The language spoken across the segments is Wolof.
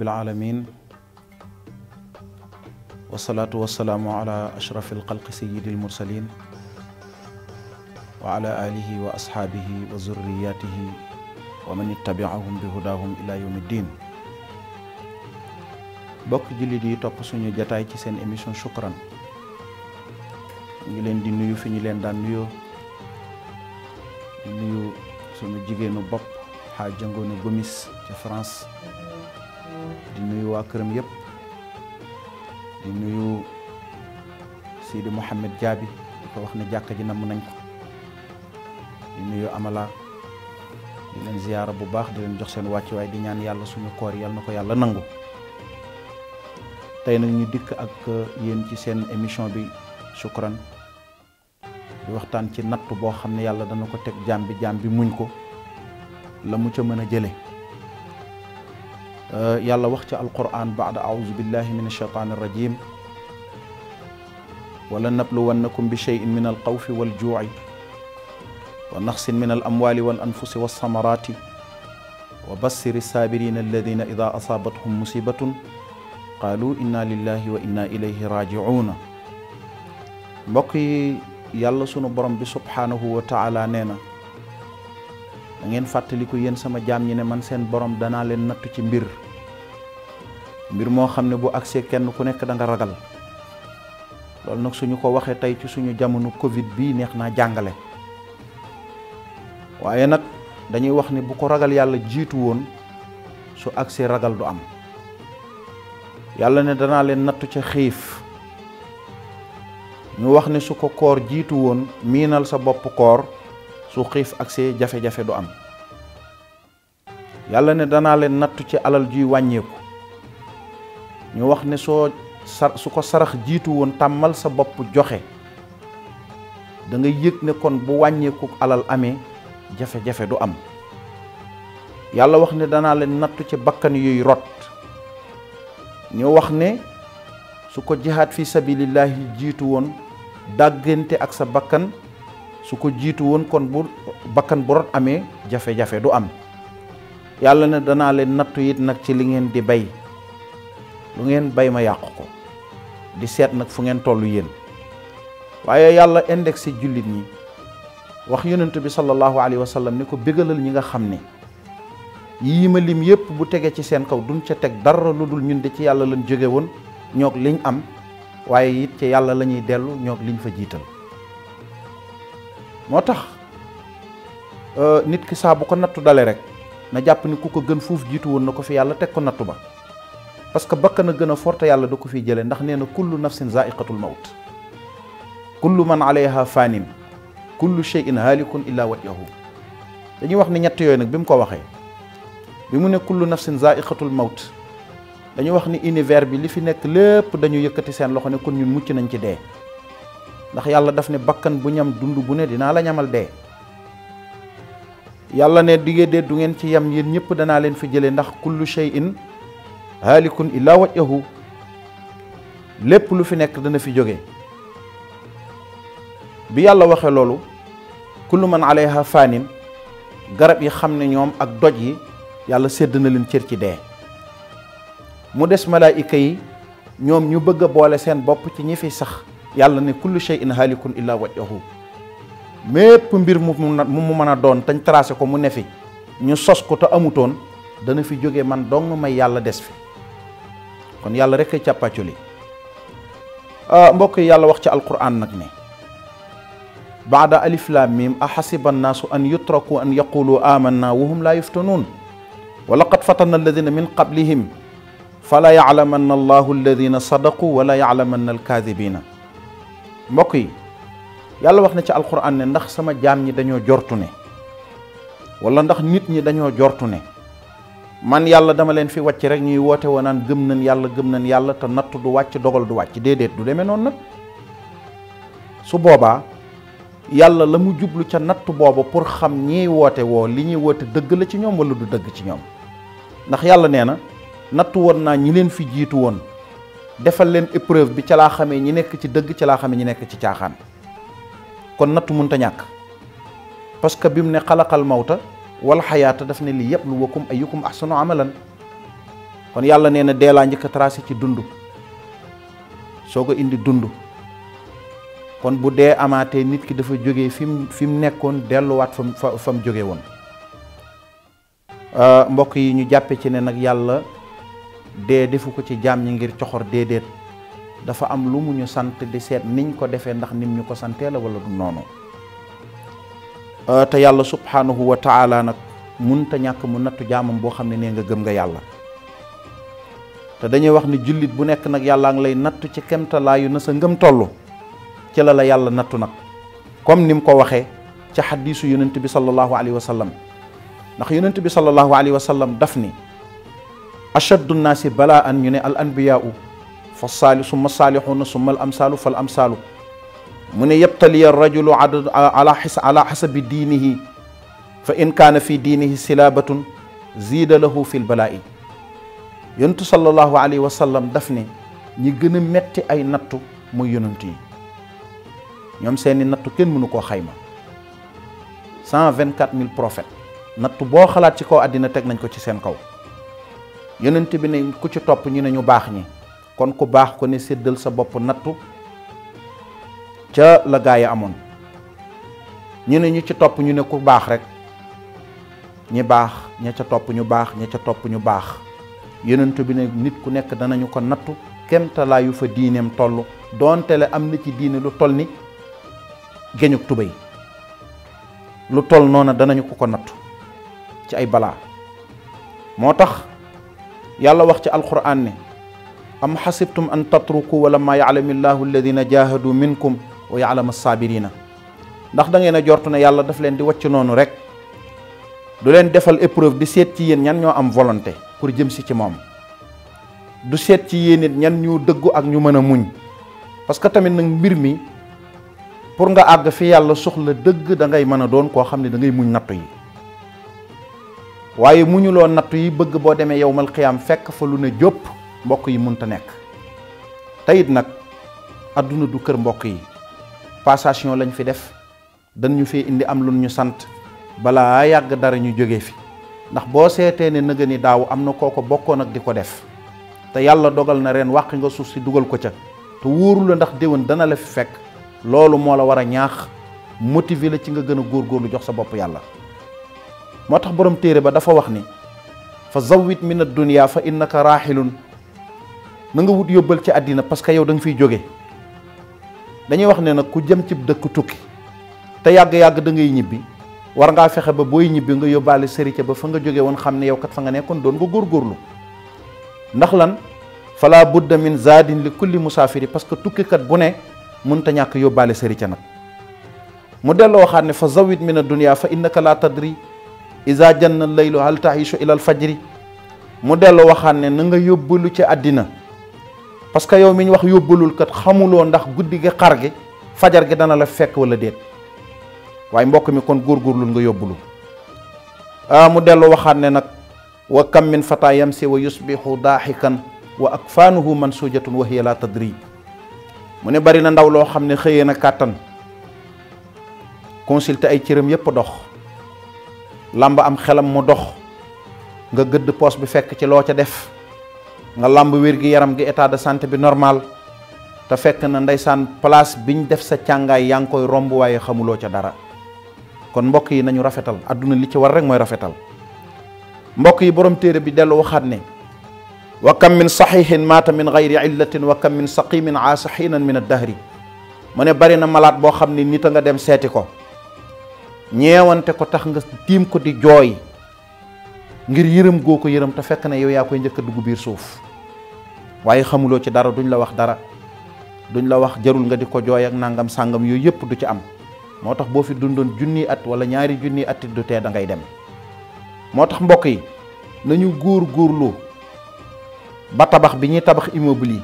rabbil aalamiin wasalaatu wasalaamu ala ashraf alxalqi sayidi almursalin wa ala alihi wa ashaabihi wa zurriyatihi wa man ittabiahum bi hudaahum ila yawmi ddin bokk jullit yi topp suñu jataay ci seen émission shukran ngi leen di nuyu fi ñu leen daan nuyoo di nuyu suñu jigéenu bopp xaa jëngoone gomis ca France di nuyu waa këram yëpp di nuyu Sidi Mouhamed Diaby di ko wax ne jàkka ji namm nañ ko di nuyu Amala di leen ziyaara bu baax di leen jox seen wàccuwaay di ñaan yàlla suñu koor yàlla na ko yàlla nangu tey nag ñu dikk ak uh, yéen ci seen émission bi Shukran di waxtaan ci natt boo xam ne yàlla dana ko teg jaam bi jaam bi muñ ko la mu ca mën a jële Euh, yàlla wax ca alquran baada auzu billahi min alcheytaan arrajim wala nabluwannakum bi cheyin min alxawfi waljuuci wa naxsin min alamwali walanfusi walsamarati wa bassir alsaabirin alladina ida asaabathum musibatun qaalu inna lillahi wa inna ilayhi raajicuuna mbokk yi yàlla sunu borom bi subhaanahu wa taala nee na da ngeen fàttaliku yéen sama jaam ñi ne man seen borom danaa leen nattu ci mbir mbir moo xam ne bu agsee kenn ku nekk danga ragal loolu nag suñu ko waxee tey ci suñu jamono Covid bii neex naa jàngale waaye nag dañuy wax ni bu ko ragal yàlla jiitu woon su agsee ragal du am yàlla ne danaa leen nattu ca xiif ñu wax ne su ko koor jiitu woon miinal sa bopp koor su xiif agsee jafe-jafe du am yàlla ne danaa leen nattu ci alal juy wàññeeku ñu wax ne soo sar su ko sarax jiitu woon tàmmal sa bopp joxe da nga ne kon bu wàññeeku alal amee jafe-jafe du am yàlla wax ne danaa leen nattu ci bakkan yuy rot ñu wax ne su ko jihaad fi sabilillahi jiitu woon dàggante ak sa bakkan su ko jiitu woon kon bu bakkan bu rot amee jafe-jafe du am yàlla ne danaa leen nattu yit nag ci li ngeen di bay lu ngeen bay ma yàqu ko di seet nag fu ngeen toll yéen waaye yàlla indexé jullit ñi wax yonent bi sallallahu alayhi wa sallam ni ko bégalal ñi nga xam ni yii ma lim yépp bu tege ci seen kaw duñ ca teg dara lu dul ñun de ci yàlla lañ jóge woon ñook liñ am waaye it ci yàlla lañuy dellu ñoog liñ fa jiital moo tax euh, nit ki saa bu ko nattu dale rek na jàpp ni ku ko gën fuuf jiitu woon na ko fi yàlla teg ko nattu ba parce que bakkan a gën a forte yàlla du ko fi jële ndax nee na kullu nafsin zaiqatul mawt kullu man alayha fanin kullu shay'in halikun illa wajhahu dañuy wax ni ñetti yooyu nag bi mu ko waxee bi mu ne kullu nafsin zaiqatul mawt dañu wax ni univers bi li fi nekk lépp dañu yëkkati seen loxo ne kon ñun mucc nañ ci dee ndax yàlla daf ne bakkan bu ñam dund bu ne dinaa la ñamal dee yàlla ne diggee dee du ngeen ci yam yéen ñëpp danaa leen fi jëlee ndax kullu shay'in haalikun illaa wajhahu lépp lu fi nekk dana fi jóge bi yàlla waxee loolu kullu man alayha faanin garab yi xam ne ñoom ak doj yi yàlla sédd na leen cër ci dee mu des malaayika yi ñoom ñu bëgg a boole seen bopp ci ñi fi sax yàlla ne kullu shay'in haalikun illaa wajhahu mépp mbir mu mu mën a doon tañ tracé ko mu nefi ñu sos ko te amutoon dana fi jóge man dong may yàlla des fi kon yàlla rek ay càppaacoli ah, mbokk yi yàlla wax ci alquran nag ne baada alif lam mim ahasiba annaasu an yutraku an yaqulu amanna wa hum laa yuftanuun wa laqad fatana alladina min qablihim fala yalamanna allahu alladina sadaqu wala yalamanna alkaadibina mbokk yi yàlla wax na ci alquran ne ndax sama jaam ñi dañoo jortu ne ndax nit ñi dañoo jortu man yàlla dama leen fi wàcc rek ñuy woote woonaan gëm nañ yàlla gëm nañ yàlla te natt du wàcc dogal du wàcc déedéet du deme noonu nag su boobaa yàlla la mu jublu ca natt booba pour xam ñiy woote woo li ñuy woote dëgg la ci ñoom wala du dëgg ci ñoom ndax yàlla nee na natt woon naa ñi leen fi jiitu woon defal leen épreuve bi ca laa xamee ñi nekk ci dëgg ca laa xamee ñi nekk ci caaxaan kon natt mënta ñàkk parce que bi mu ne xalaqal mawta wal xayaata daf ne li yabluwakum ayyukum ahsanu amalan kon yàlla nee na dee laa njëkk a ci dund soo ko indi dund kon bu dee amaatee nit ki dafa jóge fi mu fi mu nekkoon delluwaat fam fa mu jóge woon euh, mbokk yi ñu jàppe ci ne nag yàlla dee defu ko ci jaam ñi ngir coxor déedéet dafa am lu mu ñu sant di seet niñ ko defee ndax nim ñu ko santee la wala du noonu Euh, te yàlla subhaanahu wa taala nag munta ñàkk mu nattu jaamam boo xam ne nee nga gëm nga yàlla te dañuy wax ne jullit bu nekk nag yàllaa ngi lay nattu ci kemtalaayu na sa ngëm toll ci la la yàlla nattu nag comme ni mu ko waxee ci xadiisu yonent bi sallallahu alayhi wa sallam ndax yonent bi sallallahu alayhi wa sallam daf ni ashaddu nnaasi balaa an ñu ne al anbiyaau fa saali summa saalixuuna summa al amsaalu fal amsaalu mu ne yabtaliya rajulu ala ala xasabi diinihi fa in kaana fi diinihi silaabatun ziida lahu fi lbalaa'i yonentu sallallahu alayhi wa sallam daf ne ñi gën a metti ay nattu muy yonent yi ñoom seeni nattu kenn mënu koo xayma cent vingt quatre mille prophètes nattu boo xalaat ci kaw àddina teg nañ ko ci seen kaw yonent bi ne ku ci topp ñu ne ñu baax ñi kon ku baax ko ne séddal sa bopp nattu ca la gaa yi amoon ñu ne ñu ci topp ñu ne ku baax rek ñi baax ña topp ñu baax ña ca topp ñu baax yonent bi ne nit ku nekk danañu ko nattu kemtalaayu fa diineem toll doonte la am na ci diine lu toll ni geñuk tubéy lu toll noona danañu ko ko nattu ci ay balaa moo tax yàlla wax ci alquran ne am xasibtum an tatruku wala maa yaalami llahu alladina minkum wa yaalama saabirina ndax da a jortu ne yàlla daf leen di wàcc noonu rek du leen defal épreuve di seet ci yéen ñan ñoo am volonté pour jëm si ci moom du seet ci yéen ñan ñu dëggu ak ñu mën a muñ parce que tamit nag mbir mi pour nga àgg fi yàlla soxla dëgg da mën a doon koo xam ne da ngay muñ nattu yi waaye muñuloo nattu yi bëgg boo demee yowmal xiyaam fekk fa lu ne jópp mbokk yi munta nekk teyit nag àdduna du kër mbokk yi passation lañu fi def dañu fi indi am lu ñu sant balaa yàgg dara ñu jóge fi ndax boo seetee ne nëgë ni daaw am na koo ko bokkoon ak di ko def te yàlla dogal na ren wàq nga suuf si dugal ko ca te wóoru ndax déwén dana la fi fekk loolu moo la war a ñaax motiver la ci nga gën góor góorgóorlu jox sa bopp yàlla moo tax borom téere ba dafa wax ni fa zawit min ad dunia fa innaka raaxilun na nga wut yóbbal ci àddina parce que yow da fiy jóge dañuy wax ne nag ku jëm cib dëkk tukki te yàgg-yàgg da ngay ñibbi war ngaa fexe ba booy ñibbi nga yóbbaale sérité ba fa nga jóge woon xam ne yow kat fa nga nekkoon doon nga góorgóorlu ndax lan fala budda min zaadin li kulli musaafiri parce que tukkikat bu ne mun ta ñàkk yóbbaale sérité nag mu delloo waxaat ne fa zawit min a dunia fa innaka la tadri isa janna laylu hal tahishu ila al fajri mu delloo waxaat ne na nga yóbbalu ci àddina parce que yow mi ñu wax yóbbalul xamuloo ndax guddi gi xar gi fajar gi dana la fekk wala déet waaye mbokk mi kon góorgóorlul nga yóbbalul ah mu dellu waxaat ne nag wa kam min fata yamsi wa ak daaxikan wa akfaanuhu mansujatun wa hiya la tadri mu ne bari na ndaw loo xam ne xëyee na kàttan consulté ay cëram yépp dox làmb am xelam mu dox nga gëdd poos bi fekk ci loo ca def nga làmb wér-gi-yaram gi état de santé bi normal te fekk na ndeysaan place biñ def sa càngaay yaa ngi koy romb waaye xamuloo ca dara kon mbokk yi nañu rafetal adduna li ci war rek mooy rafetal mbokk yi borom téere bi dellu waxaat ne wa kam min saxihin maata min gayri illatin wa kam min saqimin aasa xiinan min addahri mu ne bari na malaat boo xam ne nit a nga dem seeti ko ñeewante ko tax nga tiim ko di jooy ngir yërëm goo ko yërëm te fekk na yow yaa koy njëkk a dugg biir suuf waaye xamuloo ci dara duñ la wax dara duñ la wax jarul nga di ko jooy ak nangam sàngam yooyu yëpp du ci am moo tax boo fi dundoon junni at wala ñaari junni at it du tee dangay dem moo tax mbokk yi nañu góor góorlu ba tabax bi ñuy tabax immeuble yi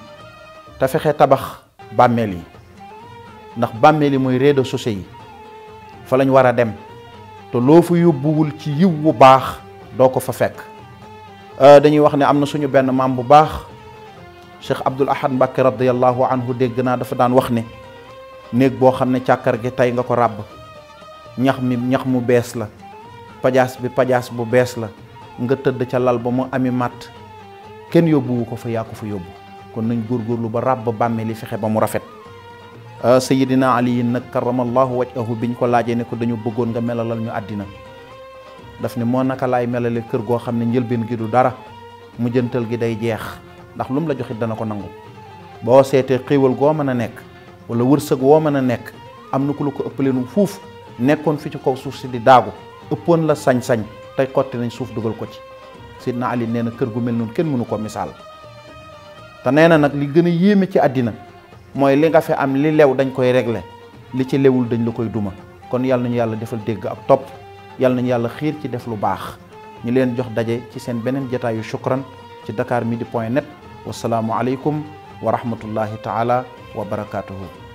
te fexe tabax bàmmeel yi ndax bàmmeel yi mooy rez de yi fa lañ war a dem te loo fa yóbbuwul ci yiw wu baax doo ko fa fekk euh, dañuy wax ne am na suñu benn maam bu baax Cheikh Abdoul Ahad Mbacke radiyallahu anhu dégg naa dafa daan wax ne néeg boo xam ne càkkar gi tey nga ko ràbb ñax mi ñax mu bees la pajaas bi pajaas bu bees la nga tëdd ca lal ba mu ami matt kenn yóbbuwu ko fa yaa ko fa yóbbu kon nañ góorgóorlu ba ràbb bàmme li fexe ba mu rafet euh, sayidina ali nag karamallahu wajhahu biñ ko laajee ne ko dañu bëggoon nga melalal ñu àddina daf ne moo naka laay melale kër goo xam ne njëlbeen gi du dara mu gi day jeex ndax lu mu la joxit dana ko nangu boo seetee xéewal goo mën a nekk wala wërsëg woo mën a nekk am na ku la ko ëppaleen fuuf nekkoon fi ci kaw suuf si di daagu ëppoon la sañ-sañ te xotti nañ suuf dugal ko ci na Ali nee na kër gu mel noonu kenn mënu ko misaal te nee na nag li gën a yéeme ci àddina mooy li nga fi am li lew dañ koy regle li ci lewul dañ la koy duma kon yàlla nañu yàlla defal dégg ak topp yàlla nañu yàlla xiir ci def lu baax ñu leen jox daje ci seen beneen jataayu shukran ci dakar midi point net wasalaamu aleykum wa rahmatullahi taala wa barakaatuhu